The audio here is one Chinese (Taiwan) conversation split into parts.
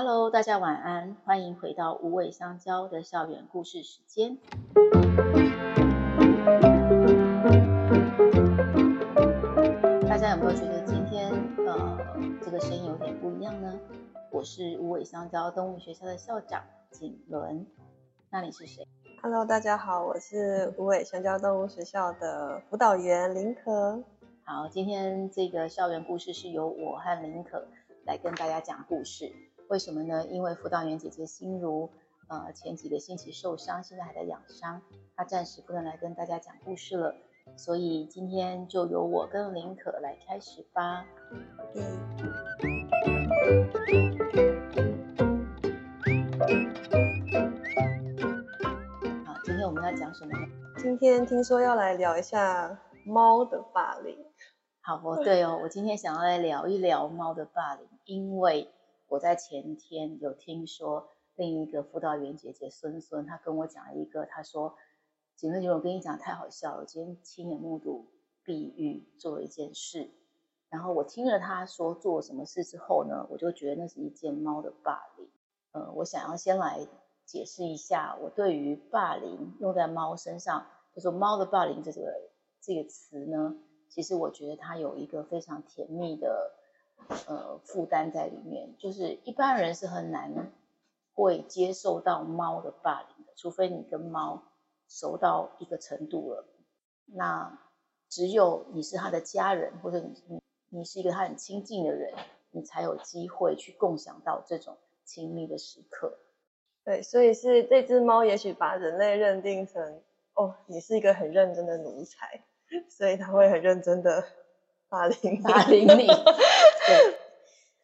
Hello，大家晚安，歡迎回到無尾香蕉的校園故事時間。大家有沒有覺得今天呃這個聲音有點不一樣呢？我是無尾香蕉動物學校的校長景倫，那你是誰？Hello，大家好，我是無尾香蕉動物學校的輔導員林可。好，今天這個校園故事是由我和林可來跟大家講故事。為什麼呢？因為輔導員姐姐心如，呃，前幾個星期受傷，現在還在養傷，她暫時不能來跟大家講故事了，所以今天就由我跟林可來開始吧。好、嗯，今天我們要講什麼？今天聽說要來聊一下貓的霸凌。好、哦，不對哦，嗯、我今天想要來聊一聊貓的霸凌，因為。我在前天有聽說另一個輔導員姐姐孫孫，她跟我講一個，她說，姐妹姐，我跟你講太好笑了，今天親眼目睹碧玉做了一件事，然後我聽了她說做什麼事之後呢，我就覺得那是一件貓的霸凌。呃，我想要先來解釋一下，我對於霸凌用在貓身上，就是說貓的霸凌這個這個詞呢，其實我覺得它有一個非常甜蜜的。呃，負擔在裡面，就是一般人是很難會接受到貓的霸凌的，除非你跟貓熟到一個程度了，那只有你是他的家人，或者你是你，你是一個他很親近的人，你才有機會去共享到這種親密的時刻。對，所以是這隻貓，也許把人類認定成哦，你是一個很認真的奴才，所以它會很認真的。霸凌，霸凌你！ 對，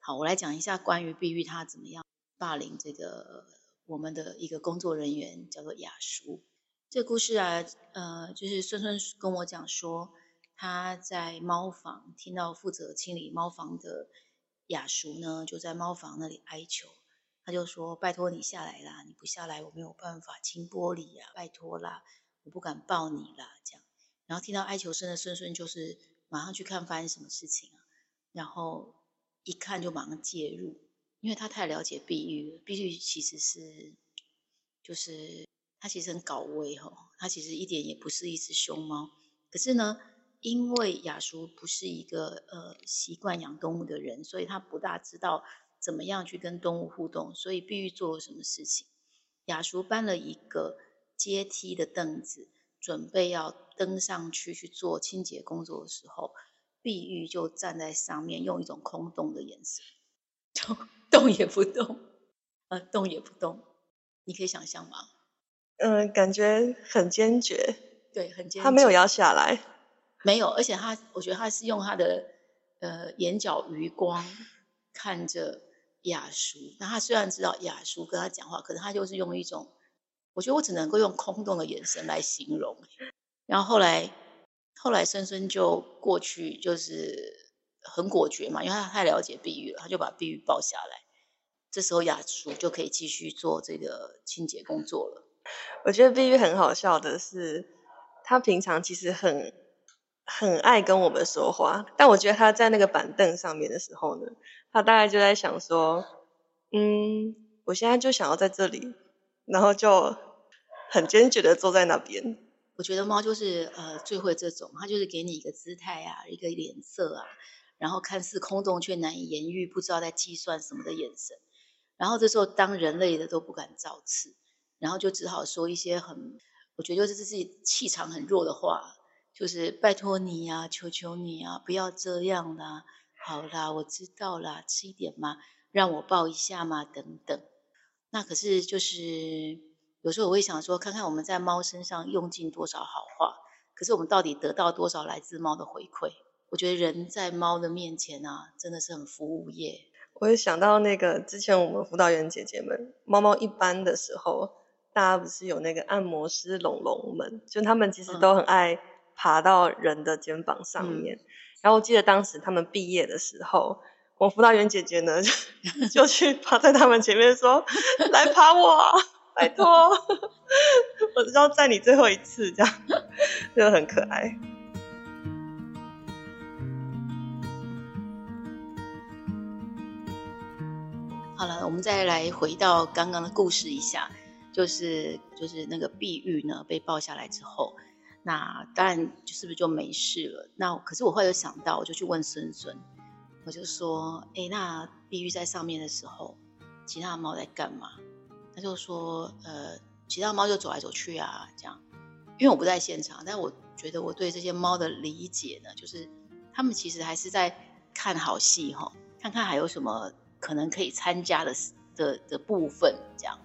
好，我來講一下關於碧玉他怎麼樣霸凌這個我們的一個工作人員，叫做雅淑。這個、故事啊，呃，就是孫孫跟我講說，他在貓房聽到負責清理貓房的雅淑呢，就在貓房那裡哀求，他就說：“拜托你下來啦，你不下來我沒有辦法清玻璃啊，拜托啦，我不敢抱你啦。”這樣，然後聽到哀求聲的孫孫就是。馬上去看,看，發生什麼事情啊？然後一看就馬上介入，因為他太了解碧玉了。碧玉其實是，就是他其實很搞味吼、哦，他其實一點也不是一只熊貓。可是呢，因為雅叔不是一個呃習慣養動物的人，所以他不大知道怎麼樣去跟動物互動。所以碧玉做了什麼事情？雅叔搬了一個階梯的凳子。準備要登上去去做清潔工作的時候，碧玉就站在上面，用一種空洞的眼神，動也不動，呃、啊，動也不動。你可以想象嗎？嗯、呃，感覺很堅決。對，很堅決。他沒有要下來。沒有，而且他，我覺得他是用他的呃眼角餘光看着雅淑。那他雖然知道雅淑跟他講話，可是他就是用一種。我覺得我只能夠用空洞的眼神來形容。然後後來，後來森森就過去，就是很果決嘛，因為他太了解碧玉了，他就把碧玉抱下來。這時候雅初就可以繼續做這個清潔工作了。我覺得碧玉很好笑的是，他平常其實很很愛跟我們說話，但我覺得他在那個板凳上面的時候呢，他大概就在想說：“嗯，我現在就想要在這裡。”然後就很堅決的坐在那邊。我覺得貓就是呃最會這種，它就是給你一個姿態啊，一個臉色啊，然後看似空洞卻難以言喻，不知道在計算什麼的眼神。然後這時候當人類的都不敢造次，然後就只好說一些很，我覺得就是自己氣場很弱的話，就是拜托你啊，求求你啊，不要這樣啦，好啦，我知道啦，吃一點嘛，讓我抱一下嘛，等等。那可是就是有時候我會想說，看看我們在貓身上用盡多少好話，可是我們到底得到多少來自貓的回饋？我覺得人在貓的面前啊，真的是很服務業。我也想到那個之前我們輔導員姐姐們，貓貓一般的時候，大家不是有那個按摩師龍龍們，就他們其實都很愛爬到人的肩膀上面。嗯嗯、然後我記得當時他們畢業的時候。我輔導員姐姐呢，就去趴在他們前面說：“ 來爬我，拜托， 我只要在你最後一次這樣，就很可愛。” 好了，我們再來回到剛剛的故事一下，就是就是那個碧玉呢被抱下來之後，那當然就是不是就沒事了？那可是我後來有想到，我就去問孫孫。我就說，哎，那碧玉在上面的時候，其他的貓在幹嘛？他就說，呃，其他的貓就走來走去啊，這樣。因為我不在現場，但我覺得我對這些貓的理解呢，就是他們其實還是在看好戲哈、哦，看看還有什麼可能可以參加的的的部分，這樣。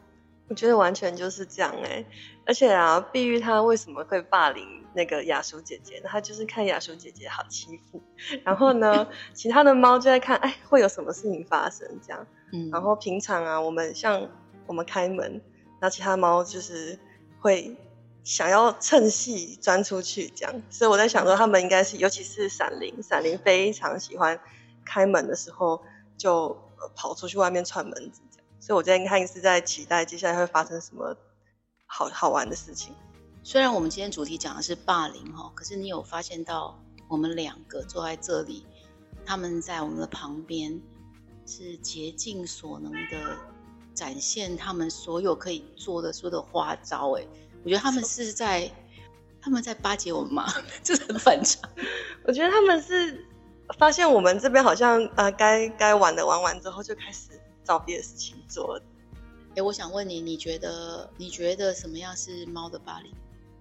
我覺得完全就是這樣哎、欸，而且啊，碧玉它為什麼會霸凌那個雅舒姐姐呢？它就是看雅舒姐姐好欺負，然後呢， 其他的貓就在看，哎，會有什麼事情發生這樣？嗯，然後平常啊，我們像我們開門，那其他貓就是會想要趁隙鑽出去這樣。所以我在想說，它們應該是，嗯、尤其是閃靈，閃靈非常喜歡開門的時候就、呃、跑出去外面串門子。所以，我今天看是在期待接下來會發生什麼好好玩的事情。雖然我們今天主題講的是霸凌哈，可是你有發現到我們兩個坐在這裡，他們在我們的旁邊是竭盡所能的展現他們所有可以做的、說的花招。哎，我覺得他們是在麼他們在巴結我們嗎？這 是很反常。 我覺得他們是發現我們這邊好像呃該該玩的玩完之後就開始。找別的事情做。哎，我想問你，你覺得你覺得什麼樣是貓的霸凌？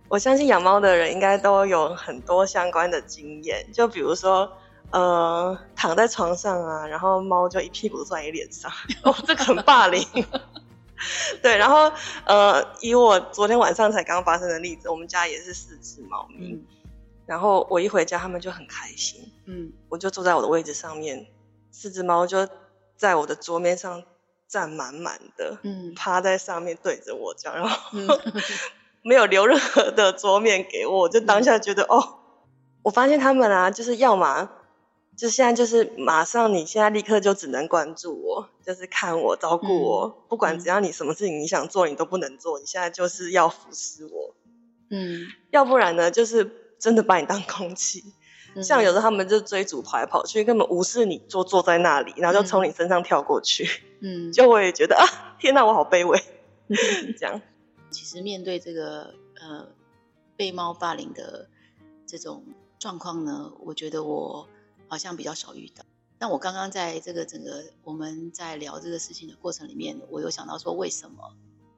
我相信養貓的人應該都有很多相關的經驗，就比如說，呃，躺在床上啊，然後貓就一屁股坐在你臉上、 哦，這個很霸凌。 對，然後呃，以我昨天晚上才剛發生的例子，我們家也是四隻貓咪，嗯、然後我一回家，它們就很開心，嗯，我就坐在我的位置上面，四隻貓就。在我的桌面上站滿滿的，嗯、趴在上面對着我這樣，然後沒有留任何的桌面給我，我就當下覺得、嗯、哦，我發現他們啊，就是要嘛就現在就是馬上，你現在立刻就只能關注我，就是看我照顧我，嗯、不管只要你什麼事情你想做你都不能做，你現在就是要服侍我，嗯，要不然呢，就是真的把你當空氣。像有時候他們就追逐跑來跑去，根本無視你坐坐在那裡，然後就從你身上跳過去，嗯，就會覺得啊，天哪，我好卑微，嗯、哼這樣。其實面對這個呃被貓霸凌的這種狀況呢，我覺得我好像比較少遇到。但我剛剛在這個整個我們在聊這個事情的過程裡面，我有想到說，為什麼？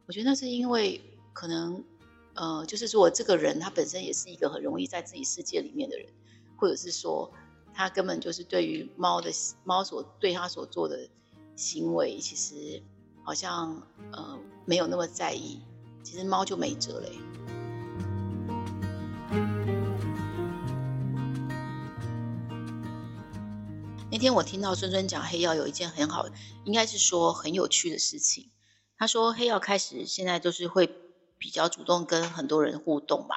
我覺得那是因為可能呃，就是說這個人他本身也是一個很容易在自己世界裡面的人。或者是說，他根本就是對於貓的貓所對他所做的行為，其實好像呃沒有那麼在意。其實貓就沒轍嘞。嗯、那天我聽到尊尊講黑曜有一件很好，應該是說很有趣的事情。他說黑曜開始現在就是會比較主動跟很多人互動吧。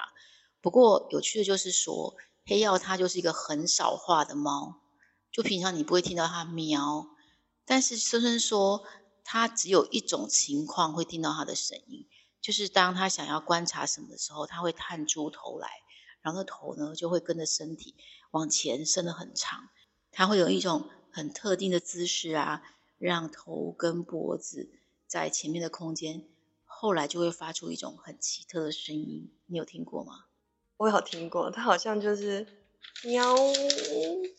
不過有趣的就是說，黑曜它就是一個很少話的貓，就平常你不會聽到它喵。但是森森說，它只有一種情況會聽到它的聲音，就是當它想要觀察什麼的時候，它會探出頭來，然後頭呢就會跟着身體往前伸得很長，它會有一種很特定的姿勢啊，讓頭跟脖子在前面的空間，後來就會發出一種很奇特的聲音，你有聽過嗎？我有聽過，它好像就是喵，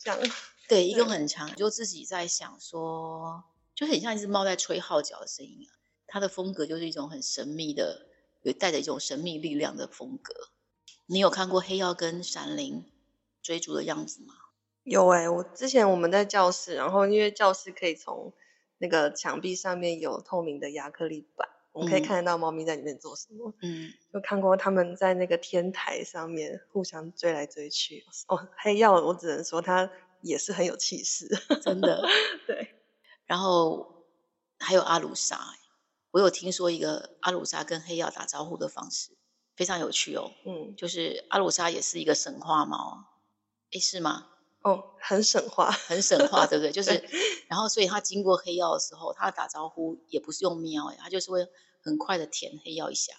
這樣，對，對一個很長，就自己在想說，就很像一隻貓在吹號角的聲音，啊、它的風格就是一種很神秘的，有帶着一種神秘力量的風格。你有看過黑曜跟閃靈追逐的樣子嗎？有哎，欸，我之前我們在教室，然後因為教室可以從那個牆壁上面有透明的壓克力板，我們可以看得到貓咪在裡面做什麼，嗯，就看過他們在那個天台上面互相追來追去，哦，黑曜我只能說它也是很有氣勢，真的， 對。然後還有阿魯莎，我有聽說一個阿魯莎跟黑曜打招呼的方式非常有趣哦，嗯，就是阿魯莎也是一個神話貓，誒、欸，是嗎？哦，oh, 很省話， 很省話，對不對？就是，對然後所以他經過黑曜的時候，他打招呼也不是用喵呀，他就是會很快的舔黑曜一下，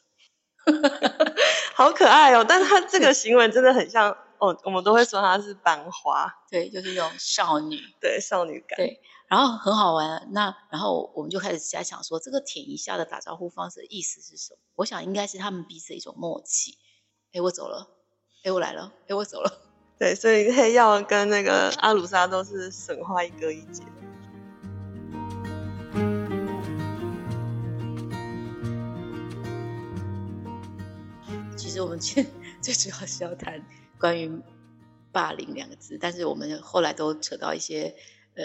好可愛哦！但是他這個行為真的很像 哦，我們都會說他是班花，對，就是那種少女，對，少女感，對，然後很好玩。那然後我們就開始在想說，這個舔一下的打招呼方式的意思是什麼？我想應該是他們彼此的一種默契。哎、欸，我走了，哎、欸，我來了，哎、欸，我走了。對，所以黑曜跟那個阿魯莎都是神話一哥一姐。其實我們今天最主要是要談關於“霸凌”兩個字，但是我們後來都扯到一些呃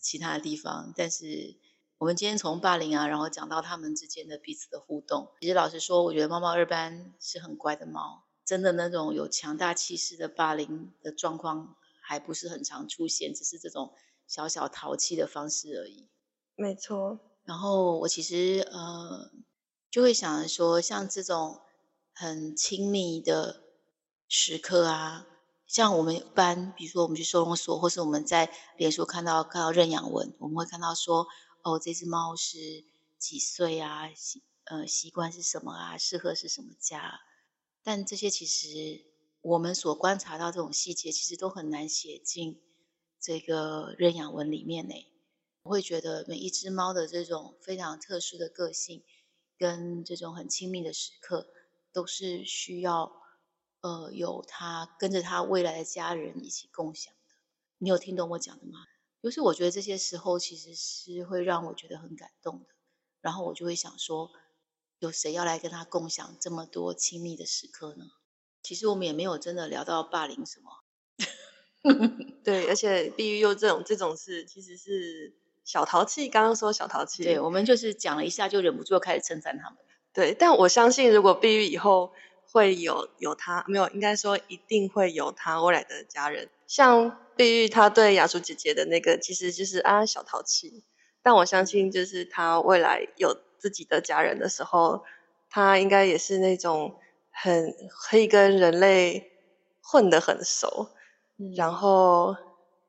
其他的地方。但是我們今天從霸凌啊，然後講到他們之間的彼此的互動。其實老實說，我覺得貓貓二班是很乖的貓。真的那種有強大氣勢的霸凌的狀況還不是很常出現，只是這種小小淘氣的方式而已。沒錯。然後我其實呃就會想着說，像這種很親密的時刻啊，像我們一般，比如說我們去收容所，或是我們在臉書看到看到認養文，我們會看到說，哦，這只貓是幾歲啊，習呃習慣是什麼啊，適合是什麼家。但這些其實我們所觀察到這種細節，其實都很難寫進這個認養文裡面呢。我會覺得每一隻貓的這種非常特殊的個性，跟這種很親密的時刻，都是需要呃有它跟着它未來的家人一起共享的。你有聽懂我講的嗎？就是我覺得這些時候其實是會讓我覺得很感動的。然後我就會想說。有誰要來跟他共享這麼多親密的時刻呢？其實我們也沒有真的聊到霸凌什麼。 對，而且碧玉又這種這種事，其實是小淘氣，剛剛說小淘氣，對，我們就是講了一下就忍不住開始稱讚他們。對，但我相信如果碧玉以後會有有他沒有，應該說一定會有他未來的家人。像碧玉他對雅竹姐姐的那個，其實就是啊小淘氣，但我相信就是他未來有。自己的家人的時候，它應該也是那種很可以跟人類混得很熟，嗯、然後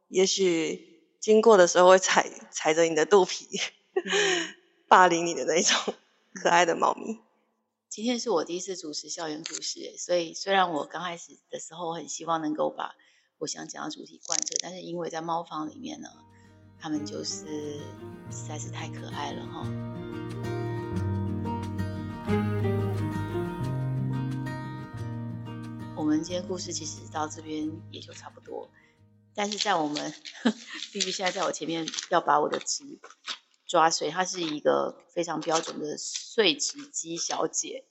也許經過的時候會踩踩着你的肚皮，嗯、霸凌你的那種可愛的貓咪。今天是我第一次主持校園故事，所以雖然我剛開始的時候很希望能夠把我想講的主題貫徹，但是因為在貓房裡面呢，它們就是實在是太可愛了哈、哦。今天故事其實到這邊也就差不多，但是在我們碧玉現在在我前面要把我的紙抓碎，她是一個非常標準的碎紙機小姐。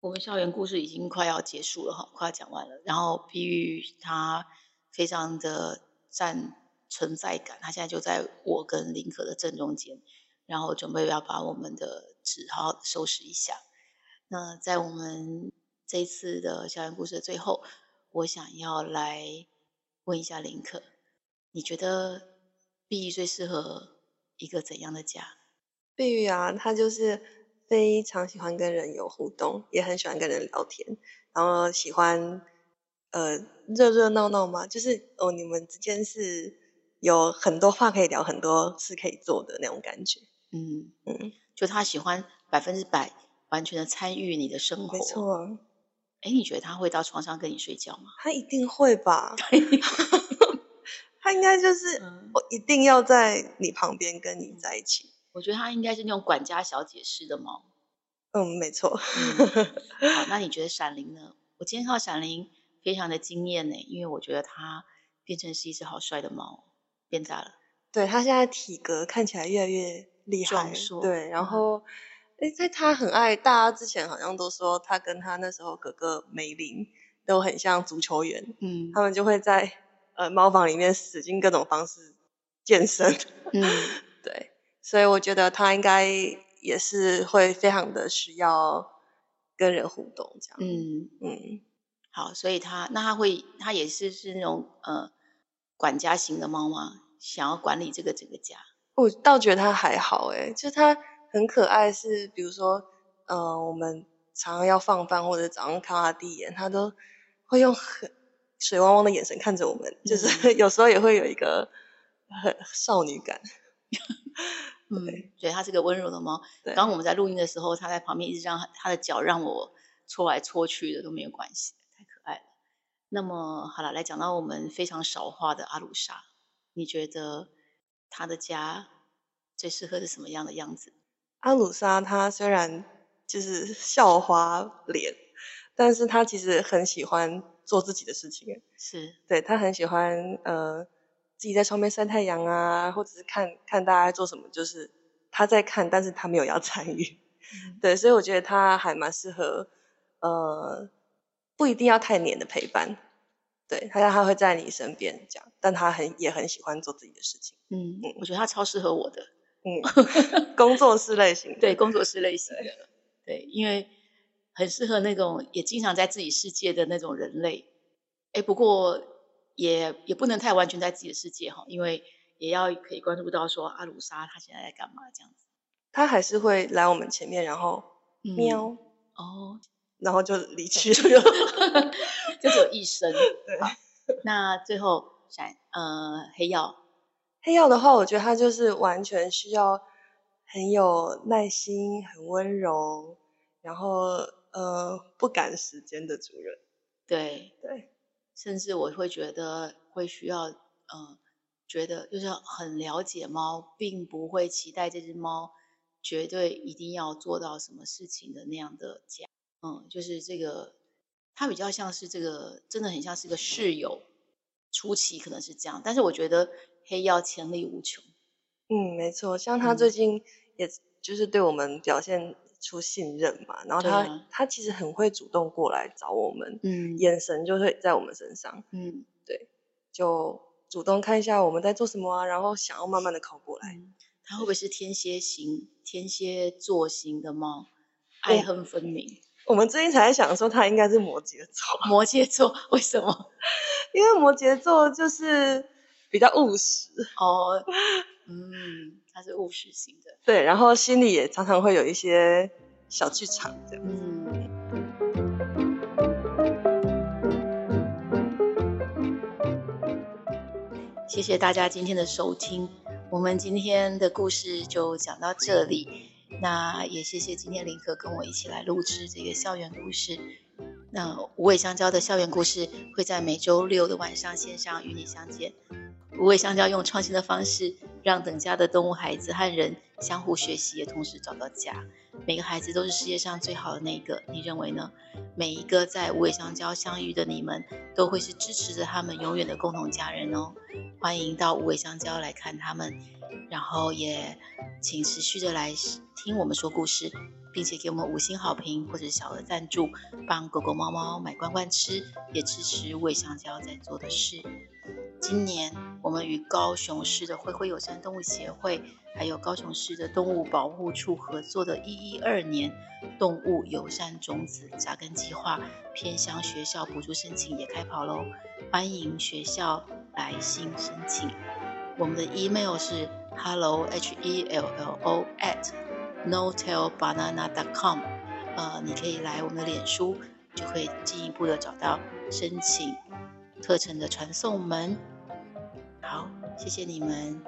我們校園故事已經快要結束了哈，快要講完了。然後碧玉她非常的佔存在感，她現在就在我跟林可的正中間，然後準備要把我們的紙好好收拾一下。那在我們。這一次的校園故事的最後，我想要來問一下林可，你覺得碧玉最適合一個怎樣的家？碧玉啊，她就是非常喜歡跟人有互動，也很喜歡跟人聊天，然後喜歡呃熱熱鬧鬧嘛，就是哦，你們之間是有很多話可以聊，很多事可以做的那種感覺。嗯嗯，嗯，就他喜歡百分之百完全的參與你的生活。沒錯啊。哎，你覺得他會到床上跟你睡覺嗎？他一定會吧。 他應該就是、嗯、我一定要在你旁邊跟你在一起。我覺得他應該是那種管家小姐式的貓。嗯，沒錯、嗯。好，那你覺得閃靈呢？ 我今天看到閃靈非常的驚艷呢，因爲我覺得它變成是一隻好帥的貓，變大了。對，他現在體格看起來越來越厲害。確對，然後。嗯在、欸、他很愛大家、啊、之前，好像都說他跟他那時候哥哥梅林都很像足球員。嗯，他們就會在呃貓房裡面使盡各種方式健身。嗯， 對，所以我覺得他應該也是會非常的需要跟人互動這樣。嗯嗯，嗯好，所以他那他會他也是是那種呃管家型的貓嗎？想要管理這個整個家？我倒覺得他還好哎、欸，就是他。很可愛是，是比如說，呃，我們常常要放飯或者早上看他第一眼，他都會用很水汪汪的眼神看着我們，嗯、就是有時候也會有一個很少女感。嗯，對，對，它是個溫柔的貓。對，剛我們在錄音的時候，它在旁邊一直讓它的腳讓我搓來搓去的都沒有關係，太可愛了。那麼好了，來講到我們非常少話的阿魯莎，你覺得他的家最適合是什麼樣的樣子？阿魯莎，他雖然就是校花臉，但是他其實很喜歡做自己的事情。是，對，他很喜歡呃，自己在窗邊曬太陽啊，或者是看看大家在做什麼，就是他在看，但是他沒有要參與。嗯、對，所以我覺得他還蠻適合呃，不一定要太黏的陪伴。對，他要他會在你身邊這樣，但他很也很喜歡做自己的事情。嗯嗯，嗯我覺得他超適合我的。嗯，工作室類型的 對，工作室類型的對,對，因為很適合那種也經常在自己世界的那種人類。哎，不過也也不能太完全在自己的世界哈，因為也要可以關注到說阿魯莎他現在在幹嘛這樣子。他還是會來我們前面，對然後喵哦，嗯、然後就離去了，就只有一聲，對，那最後閃呃黑曜。黑曜的話，我覺得它就是完全需要很有耐心、很溫柔，然後呃，不趕時間的主人。對對，對甚至我會覺得會需要，嗯、呃，覺得就是很了解貓，並不會期待這只貓絕對一定要做到什麼事情的那樣的家。嗯，就是這個，它比較像是這個，真的很像是個室友，初期可能是這樣，但是我覺得。可以要潛力無窮，嗯，沒錯，像他最近，也就是對我們表現出信任嘛，然後他、啊、他其實很會主動過來找我們，嗯，眼神就會在我們身上，嗯，對，就主動看一下我們在做什麼啊，然後想要慢慢的靠過來、嗯。他會不會是天蠍型、天蠍座型的貓？愛恨分明、嗯。我們最近才在想說，他應該是摩羯座、啊。摩羯座為什麼？ 因為摩羯座就是。比較務實哦，嗯，他是務實型的， 對，然後心裡也常常會有一些小劇場這樣、嗯。謝謝大家今天的收聽，我們今天的故事就講到這裡。那也謝謝今天林哥跟我一起來錄製這個校園故事。那無尾香蕉的校園故事會在每周六的晚上線上與你相見。無尾香蕉用創新的方式，讓等家的動物孩子和人相互學習，也同時找到家。每個孩子都是世界上最好的那一個，你認為呢？每一個在無尾香蕉相遇的你們，都會是支持着他們永遠的共同家人哦。歡迎到無尾香蕉來看他們，然後也請持續的來聽我們說故事，並且給我們五星好評或者小額贊助，幫狗狗貓貓買罐罐吃，也支持無尾香蕉在做的事。今年，我們與高雄市的灰灰友善動物協會，還有高雄市的動物保護處合作的“一一二年動物友善種子扎根計劃”偏鄉學校補助申請也開跑嘍！歡迎學校來信申請。我們的 email 是 hello h e l l o at no tail banana dot com。呃，你可以來我們的臉書，就可以進一步的找到申請課程的傳送門。好，謝謝你們，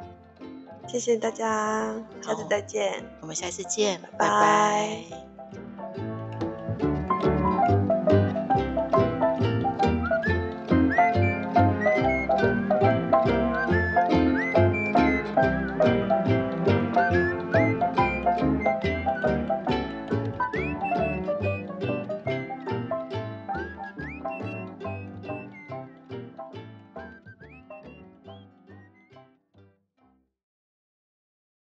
謝謝大家，下次再見，我們下次見，拜拜。拜拜。